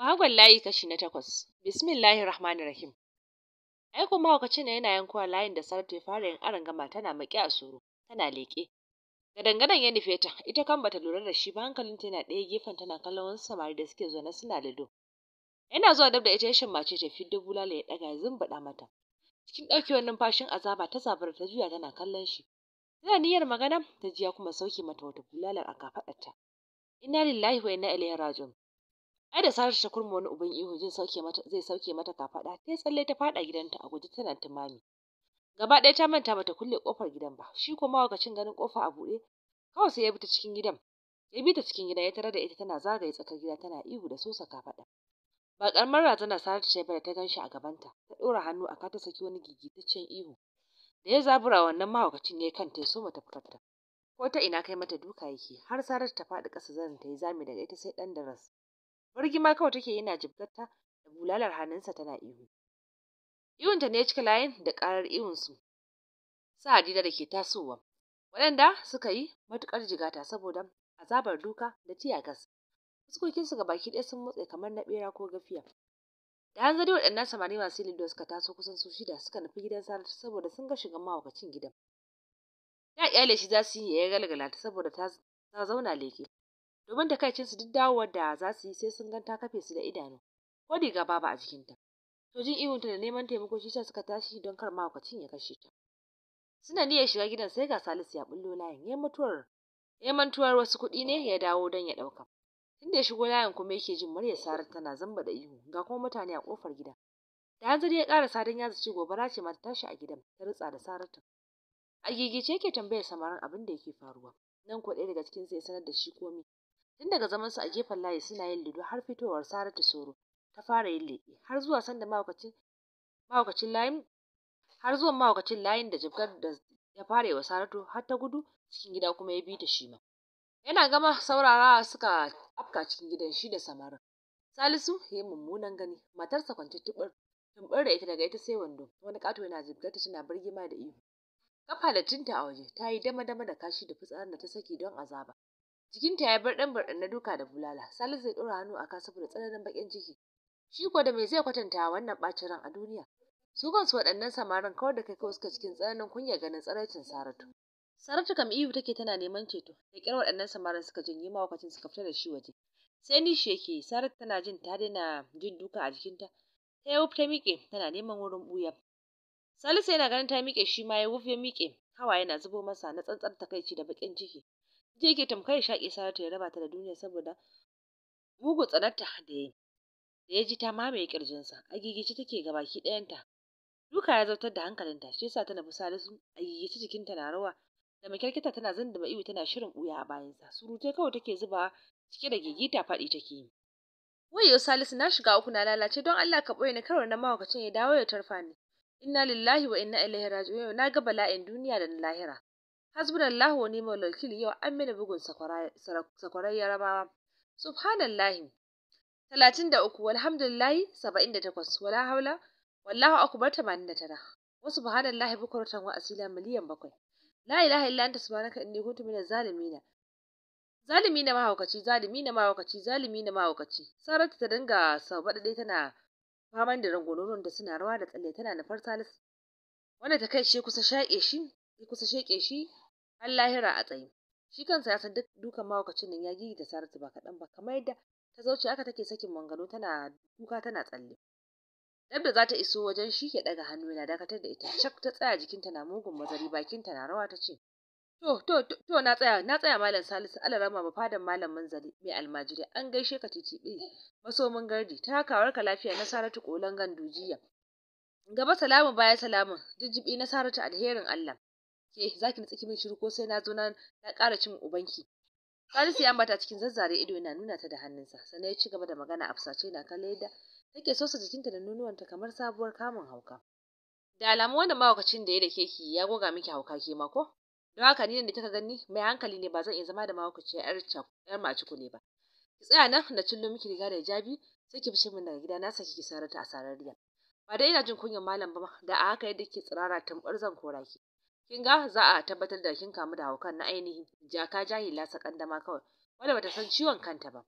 Mahagon layi kashi na takwas. Bismillahir Rahmanir Rahim. Aikon mahaukacin na yana yankowa layin da Saratu ya fara yin aron gama tana maƙi a tsoro, tana leƙe. Da dangadan ya nufe ta, ita kan bata lura da shi ba hankalinta yana ɗaya gefen tana kallon wasu samari da suke zaune suna lido. Yana zuwa dab da ita ya shammace ta fi dubu bulala ya ɗaga zumbaɗa mata. Cikin ɗauke wani numfashin azaba ta zabura ta juya tana kallon shi. Tana niyyar magana ta jiya kuma sauke mata wata bulalar a kafaɗarta. Inna lillahi wa inna ilaihi raji'un. ai da sarar ta kurma wani uban ihu jin sauke mata zai sauke mata kafaɗa sai tsalle ta fada gidanta a guje tana tumami gaba ɗaya ta manta bata kulle kofar gidan ba shi kuma wakacin ganin kofa a buɗe kawai sai ya bi ta cikin gidan ya bi ta cikin gidan, ya tarar da ita tana zagaye tsakar gida tana ihu da sosa kafaɗa ba karamar razana sarar ta bar ta ganshi a gabanta ta dora hannu a ta saki wani gigitaccen ihu da ya zabura wannan mahaukacin ya kanta ya ma ta fitarta ko ta ina kai mata duka yake har sarar ta faɗi ƙasa zan ta yi zami daga ita sai ɗan daras ma kawai take yana jibgarta da bulalar hannunsa tana ihu. ta ne ya cika layin da ƙarar su Sa Hadiza da ke tasowa. Waɗanda suka yi matuƙar jigata saboda azabar duka da tiyagas. su ga baki ɗaya sun motsa kamar na bera ko gafiya. Da hanzari waɗannan samari masu lido suka taso kusan su shida suka nufi gidan Saratu saboda sun ga shigan mahaukacin gidan. Da iyale shi za su yi ya galgala saboda ta zauna leke. domin takaicinsu duk dawowar da za su yi sai sun ganta kafe su da idanu ko riga babu a jikinta to jin ihunta da neman taimako shi sa suka tashi don kar mahaukacin ya kashe ta suna niyyar shiga gidan sai ga Salisu ya bullo layin ya mutuwar ya mantuwar wasu kuɗi ne ya dawo don ya ɗauka tun da ya shigo layin kuma yake jin murya, Sarar tana zamba da ihu ga kuma mutane a kofar gida. da hanzari ya ƙara sadan ya zaci gobara ce mata tashi a gidan ta rutsa da Saratu a gigice yake tambayar samarin abin da yake faruwa nan ko ɗaya daga cikin ya sanar da shi komai tun daga zaman su a gefen layi suna yin lido har fitowar saratu soro ta fara yin leƙe har zuwa sanda mahaukacin mahaukacin layin har zuwan mahaukacin layin da jibgar da ya fara wa saratu har ta gudu cikin gida kuma ya bi ta shi ma yana gama saurara suka afka cikin gidan shi da samarin salisu ya mummunan gani matarsa kwance tubar tumbar da ita daga ita sai wando wani kato yana jibgar ta tana birgima da ihu kafa da tinta a waje ta yi dama dama da kashi da fitsarin da ta saki don azaba jikinta ya bar dan barɗan na duka da bulala salisu zai ɗora hannu a kan saboda tsananin baƙin ciki shi ko da me zai kwatanta wannan ɓacin ran a duniya su kansu waɗannan samarin kawar da kai kawai suka cikin tsananin kunya ganin tsaraicin saratu saratu kam ihu take tana neman ceto da kyar waɗannan samarin suka janye ma lokacin suka fita da shi waje sai nishi yake saratu tana jin ta daina jin duka a jikinta ta yi ta miƙe tana neman wurin ɓuya salisu yana ganin ta miƙe shi ma ya wuf ya miƙe hawa yana zubo masa na tsantsar takaici da baƙin ciki zai yake tamkar shaƙe saratu ya raba ta da duniya saboda mugu tsanarta da ya da ya ji ta mamaye ƙirjinsa. a gigice take ga baki ɗayanta duka ya zautar da hankalinta shi yasa ta nufi salisu a gigice jikinta na rawa da makyarkita tana zanda iwu tana shirin ɓuya a bayansa surutai kawai take zuba cike da gigita faɗi take yi wayo salisu na shiga uku na lalace don allah ka ɓoye ni karo na mawakacin ya dawo ya tarfa ni inna lillahi wa inna ilaihi raji'un na ga bala'in duniya da na lahira Hasbunallah wa ni'mal wakil yau an mini bugun sakwarar yarabawa subhanallahi talatin da uku walhamdulillahi saba'in da takwas wala haula wallahu akubar tamanin da tara wa subhanallahi bukuratan wa asila miliyan bakwai la ilaha illa anta subhanaka inni kuntu minaz zalimin zalimi na mahaukaci zalimi na mahaukaci zalimi na mahaukaci saratu ta dinga dai tana faman da rangononon da suna rawa da tsalle tana nufar salisu wanda ta kai shi kusa shaƙe shi ya kusa sheke shi har lahira a tsaye shi kansa ya san duk dukan mahaukacin nan ya gidi da saratu ba kaɗan ba kamar yadda ta zauce aka take sakin mangano tana kuka tana tsalle dab da za ta iso wajen shi ke ɗaga hannu yana dakatar da ita cak ta tsaya jikinta na mugun mazari bakinta na rawa ta ce To, to, to, na tsaya, na tsaya Malam Salisu Alarama ba fadan Malam Manzali mai almajiri an gaishe ka titiɓe masomin gardi ta kawar ka lafiya na Saratu Kolan Gandujiya. Gaba salamu baya salamu jijjibi na Saratu alherin Allah. ke zaki nutsi min shiru ko sai na zo na na ƙara cin ubanki Salisu ya ambata cikin zazzare ido yana nuna ta da hannunsa sannan ya ci gaba da magana a fusace na kallon yadda take sosa jikinta da nunuwanta kamar sabuwar kamun hauka da alamu wanda mahaukacin da ya da keki ya goga miki hauka ke ma ko don haka ni da kika gani mai hankali ne ba zan iya zama da mahaukaciyar yar yar maciku ne ba ki tsaya nan na cillo miki riga da jabi sai ki fice min daga gida na saki ki ta a sarariya ba dai ina jin kunyan malam ba da a haka yadda ke tsirara tambar zan kora ki kin ga za a tabbatar da kin kamu da haukan na ainihi jaka jahila dama kawai wanda bata san ciwon kanta ba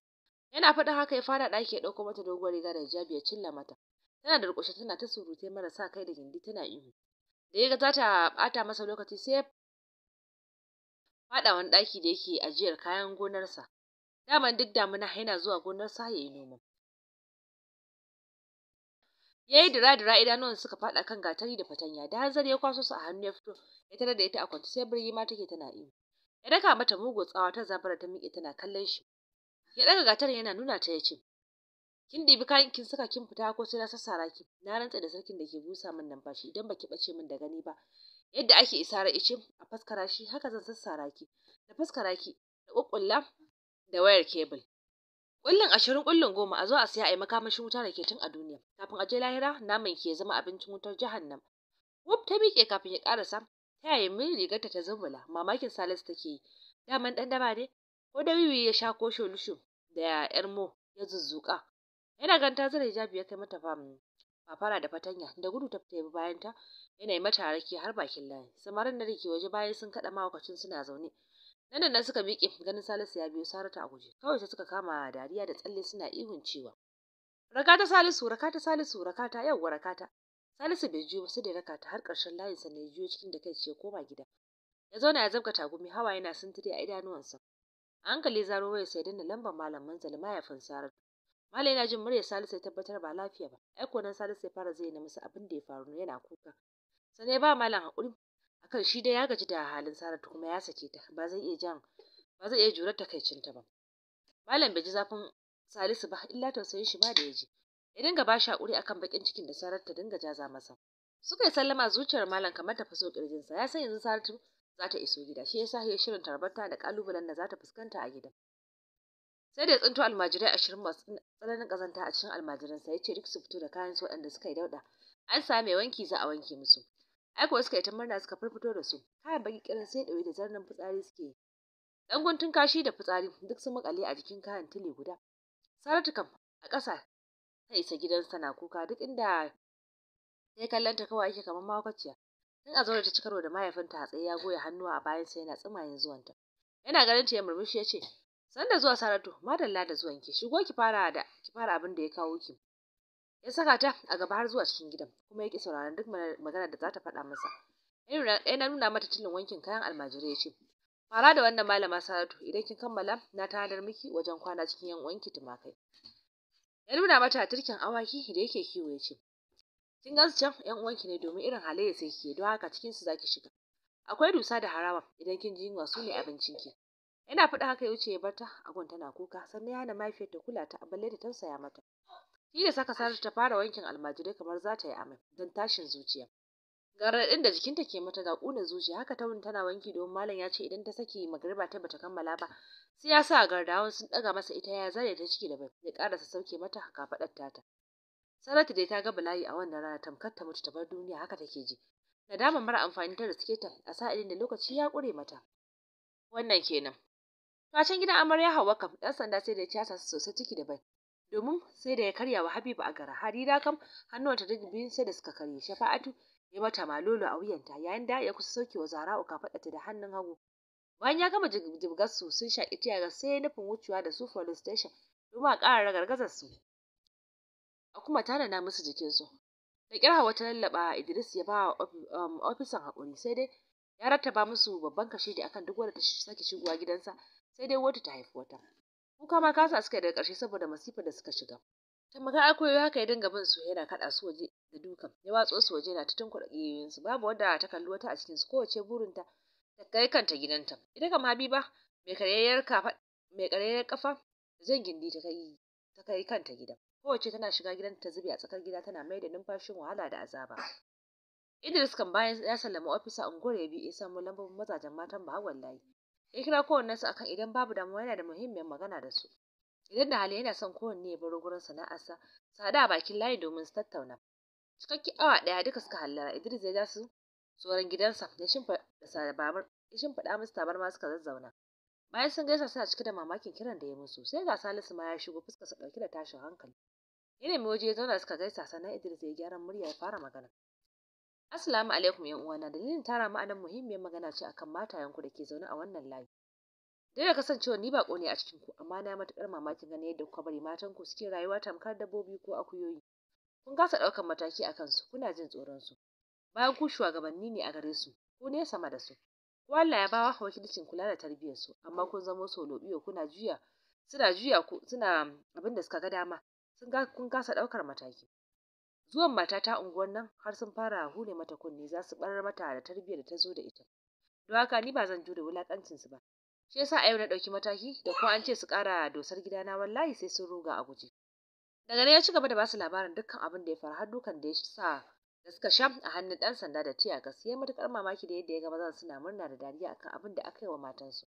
yana faɗin haka ya fara ɗaki ya ɗauko mata doguwar riga da hijabi ya cilla mata tana da rukushe tana ta surute mara sa kai da gindi tana ihu da ya ga za ta ɓata masa lokaci sai ya faɗa wani ɗaki da yake ajiyar kayan gonarsa daman duk damuna yana zuwa gonarsa ya yi noma ya yi dira-dira idanuwan suka faɗa kan gatari da fatanya da hanzar ya kwaso su a hannu ya fito ya tarar da ita a kwance sai birgi ma take tana yi. ya daka mata mugu tsawa ta zabara ta miƙe tana kallon shi ya daga gatarin yana nuna ta ya ce kin ɗibi kayan kin saka kin fita ko sai na sassara ki na rantse da sarkin da ke busa min nan numfashi idan baki bace min da gani ba yadda ake isara ice a faskara shi haka zan sassara ki da faskara ki da ƙuƙƙulla da wayar kebul Kullin ashirin kullin goma a zo a siya a yi makamashin wuta da ke tun a duniya. Kafin a je lahira naman ke zama abincin wutar jahannam. Wuf ta miƙe kafin ya ƙarasa ta yaya min rigarta ta zumbula mamakin Salisu take yi. Daman ɗan daba ne ko da wiwi ya sha ko sholushu da ƴar mo ya zuzzuƙa. Yana gan ta zira hijabi ya kai mata fam fafara da fatanya da gudu ta fita bayan ta yana yi mata rake har bakin layi. Samarin da ke waje bayan sun kaɗa mahaukacin suna zaune. nan da suka miƙe ganin Salisu ya biyo Saratu a guje kawai sai suka kama dariya da tsalle suna ihun cewa rakata Salisu rakata Salisu rakata yau rakata Salisu bai jiyo ba sai da rakata har ƙarshen layin sa ne jiyo cikin da kai ce koma gida ya zauna ya zabka tagumi hawa yana sintiri a idanuwansa a hankali zaro waya sai danna lambar malam Manzali mahaifin Saratu Malam yana jin muryar Salisu ya tabbatar ba lafiya ba. Aiko nan Salisu ya fara zai masa abin da ya faru yana kuka. Sai ba malam haƙuri. akan shi dai ya gaji da halin Saratu kuma ya sake ta ba zai iya jan ba zai iya jurar takaicinta ba malam bai ji zafin Salisu ba illa tausayin shi ba da ya ji ya dinga ba shi hakuri akan bakin cikin da Saratu ta dinga jaza masa suka yi sallama zuciyar malam kamar ta faso kirjinsa ya san yanzu Saratu za ta iso gida shi yasa ya shirin tarbarta da kalubalen da za ta fuskanta a gidan sai da ya tsinto almajirai ashirin masu tsananin kazanta a cikin almajiransa ya ce duk su fito da kayan su waɗanda suka yi dauɗa an same wanki za a wanke musu ai kuwa suka yi ta murna suka farfito da su kayan baki sai ɗauke da zarnan fitsari suke yi guntun kashi da fitsari duk sun makale a jikin kayan tuli guda saratu kam a ƙasa ta isa gidansa na kuka duk inda sai kallon ta kawai yake kamar makwaciya tun a zauna ta cikarwa da mahaifinta a tsaye ya goya hannuwa a bayan sa yana tsumayen zuwanta yana ganin ta ya murmushi ya ce san zuwa saratu madalla da zuwanki shigo ki fara da ki fara abin da ya kawo ki ya saka ta a gaba har zuwa cikin gidan kuma ya ki sauraron duk magana da za ta faɗa masa ya na nuna mata tilin wankin kayan almajirai ya ce fara da wannan malama saratu idan kin kammala na tanadar miki wajen kwana cikin yan wanki tumakai ya nuna mata turkin awaki da yake kiwo ya ce kin gansu can yan uwanki ne domin irin halayya sai ke don haka cikin su zaki shiga akwai dusa da harawa idan kin ji yunwa su ne ki. yana faɗa haka ya wuce ya barta agon tana kuka sannan ya hana mahaifiyar ta kula ta balle da tausaya mata tilas aka sanar ta fara wankin almajirai kamar za ta yi amai don tashin zuciya gargaɗin da jikinta ke mata ga ƙuna zuciya haka ta wuni tana wanki domin malam ya ce idan ta saki magariba ta bata kammala ba sai ya sa gardawan sun ɗaga masa ita ya zare ta ciki da bai ya ƙara sa sauke mata kafaɗar tata Saratu dai ta ga bala'i a wannan rana tamkar ta mutu ta bar duniya haka take ji nadama mara amfani ta suke ta a sa'ilin da lokaci ya ƙure mata wannan kenan Kashin gidan amarya Hauwa kam ɗan sanda sai da ya casa sosai ciki da bai domin sai da ya karya wa habibu a gara Harira kam hannuwanta duk biyu sai da suka karye Shafa'atu ya mata malolo a wuyanta yayin da ya kusa sauke wa Zara'u ta da hannun hagu bayan ya gama jibgar su sun shaƙi ga sai nufin wucewa da su police station domin a ƙara ragargazar su a kuma na musu jikin su da ƙyar hawa ta lallaɓa Idris ya ba wa um, ofisan hakuri sai dai ya rattaba musu babban kashe da akan duk wanda ta sake shigowa gidansa sai dai wata ta haifi wata kuka ma kasa suka daga ƙarshe saboda masifar da suka shiga ta maga ai haka ya dinga bin su yana kaɗa su waje da duka. ya watso su waje na tutun kuɗaɗe su babu wadda ta kalli wata a cikin su kowace burin ta kai kanta gidanta ita kam habiba mai karyayyar kafa mai karyayyar kafa da gindi ta kai ta kai kanta gida kowace tana shiga gidan ta zube a tsakar gida tana mai da numfashin wahala da azaba Idris kan bayan ya sallama ofisa unguwar ya bi ya samu lambobin mazajen matan ba wallahi ya kira kowanne su akan idan babu damuwa yana da muhimmiyar magana da su idan da hali yana son kowanne ya baro gurin sana'arsa su haɗu bakin layi domin su tattauna cikakki awa ɗaya duka suka hallara idris ya ja su tsoron gidansa ya shimfiɗa musu tabarma suka zazzauna bayan sun gaisa suna cike da mamakin kiran da ya musu sai ga salisu ma ya shigo fuskarsa ɗauke da tashin hankali ya nemi waje ya zauna suka gaisa sannan idris ya gyaran murya ya fara magana Assalamu alaikum yan uwana dalilin tara ma'anar muhimmiyar magana ce akan matayen ku da ke zaune a wannan layi. Dai da kasancewa ni ba ne a cikin ku amma na matukar mamakin ganin yadda kuka bari matan ku suke rayuwa tamkar dabbobi ko akuyoyi. Kun kasa ɗaukar mataki a kansu kuna jin tsoron su. Bayan ku shugabanni ne a gare su ku ne sama da su. ko Allah ya bawa wakilcin kula da tarbiyyar su amma kun zamo solobiyo kuna juya suna juya ku suna abin da suka ga dama. Sun kun kasa ɗaukar mataki. zuwan matata unguwan nan har sun fara hule mata kunne za su barar mata da tarbiyyar da ta zo da ita don haka ni ba zan jure wulakancin su ba shi yasa a yau na dauki mataki da ko an ce su ƙara dosar gidana wallahi sai sun ruga a guje daga nan ya ci gaba da basu labarin dukkan abin da ya faru har dukan da ya sa da suka sha a hannun ɗan sanda da tiya gas ya matukar mamaki da yadda ya ga mazan suna murna da dariya akan abin da aka yi wa matansu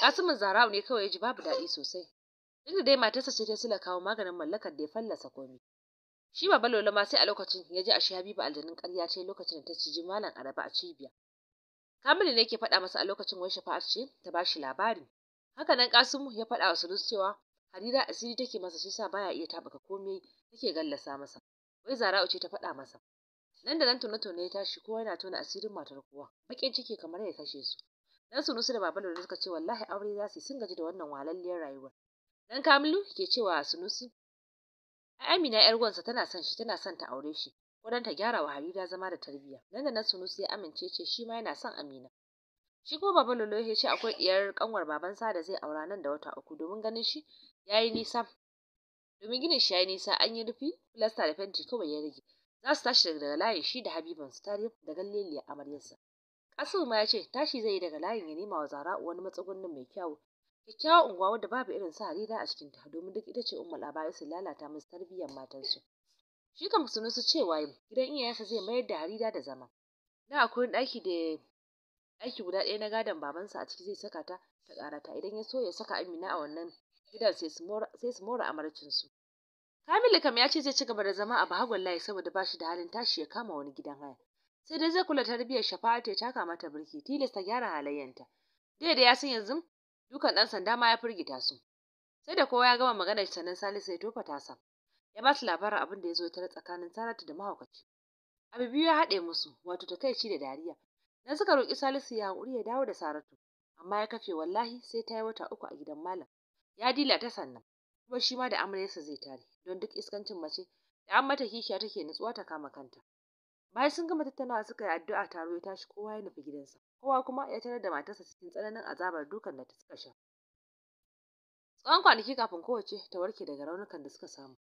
kasimin zarau ne kawai ya ji babu daɗi sosai duk da dai matarsa ce ta sila kawo maganin mallakar da ya fallasa komai shi baba ma sai a lokacin ya ji ashe habiba aljanin ƙarya ce lokacin da ta ciji malam araba a cibiya kamilu ne ke faɗa masa a lokacin wai shafa'ar ce ta ba shi labari haka nan kasimu ya faɗa wa sulus cewa harira asiri take masa shi sa baya iya taɓuka komai take gallasa masa wai zara ce ta faɗa masa nan da nan tona tona ya tashi kowa yana tona asirin matar kowa baƙin ciki kamar ya kashe su dan sunusu da baban da suka ce wallahi aure za su sun gaji da wannan walalliyar rayuwar dan kamilu ke cewa sunusi Amina yar gwansa tana son shi tana son ta aure shi ko ta gyara wa Harira zama da tarbiyya nan da nan Sunusu ya amince ce shi ma yana son Amina shi kuma baba Lolo ya ce akwai diyar kanwar babansa da zai aura nan da wata uku domin ganin shi yayi nisa domin ginin shi yayi nisa an yi rufi filasta da fenti kawai ya rage za su tashi daga layin shi da Habiban su tare da galleliyar amaryarsa Asiru ma ya ce tashi zai yi daga layin ya nema wa Zara wani matsugunnin mai kyau kyakkyawar unguwa wadda babu irin su harira a cikinta domin duk ita ce ummul su lalata musu tarbiyyar matansu shi kam sunu su cewa gidan iyayensa zai mayar da harira da zama Na akwai ɗaki da ɗaki guda ɗaya na gadon babansa a ciki zai saka ta ta karata idan ya so ya saka amina a wannan gidan sai su mora amarcinsu kamilu kam ya ce zai ci gaba da zama a bahagon layi saboda ba shi da halin tashi ya kama wani gidan haya sai dai zai kula tarbiyyar shafa'a ta taka mata birki tilasta gyara halayyanta da ya san yanzu dukan ɗan sanda ma ya firgita su sai da kowa ya gama maganar sannan salisu ya tofa tasa ya ba su labarin abin da ya zo da tsakanin saratu da mahaukaci abu biyu ya haɗe musu wato ta takaici da dariya na suka roki salisu ya haƙuri ya dawo da saratu amma ya kafe wallahi sai ta yi wata uku a gidan malam ya dila ta sannan kuma shi ma da amaryarsa zai tare don duk iskancin mace da an mata kishiya take nutsuwa ta kama kanta bayan sun gama tattaunawa suka yi addu'a taro ya tashi kowa ya nufi gidansa kowa kuma ya tarar da matarsa cikin tsananin azabar dukan da ta suka sha tsawon kwanaki kafin kowace ta warke daga raunukan da suka samu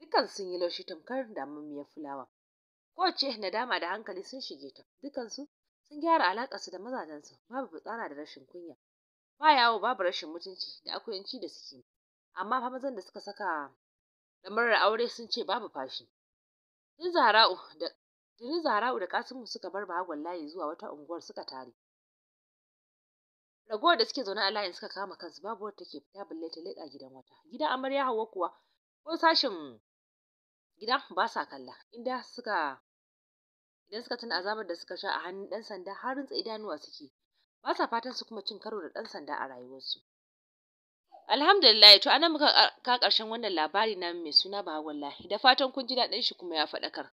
dukkan sun yi laushi tamkar damammiyar fulawa kowace nadama da hankali sun shige ta dukansu sun gyara su da mazajensu babu fitsara da rashin kunya ba yawo babu rashin mutunci da akuyanci da suke amma fa mazan da suka saka lamarar aure sun ce babu fashi tun zahra'u da tuni suka bar bahagwan layi zuwa wata unguwar suka tare ragowar da suke zaune a layin suka kama kansu babu wata take fita balle ta leka gidan wata gidan amarya hawa kuwa ko sashin gidan ba sa kalla inda suka idan suka tuna azabar da suka sha a hannun ɗan sanda har rintsa idanuwa suke ba sa fatan su kuma cin karo da dan sanda a rayuwarsu alhamdulillah to anan muka ka karshen wannan labari na mai suna bahawalla da fatan kun ji daɗin shi kuma ya faɗakar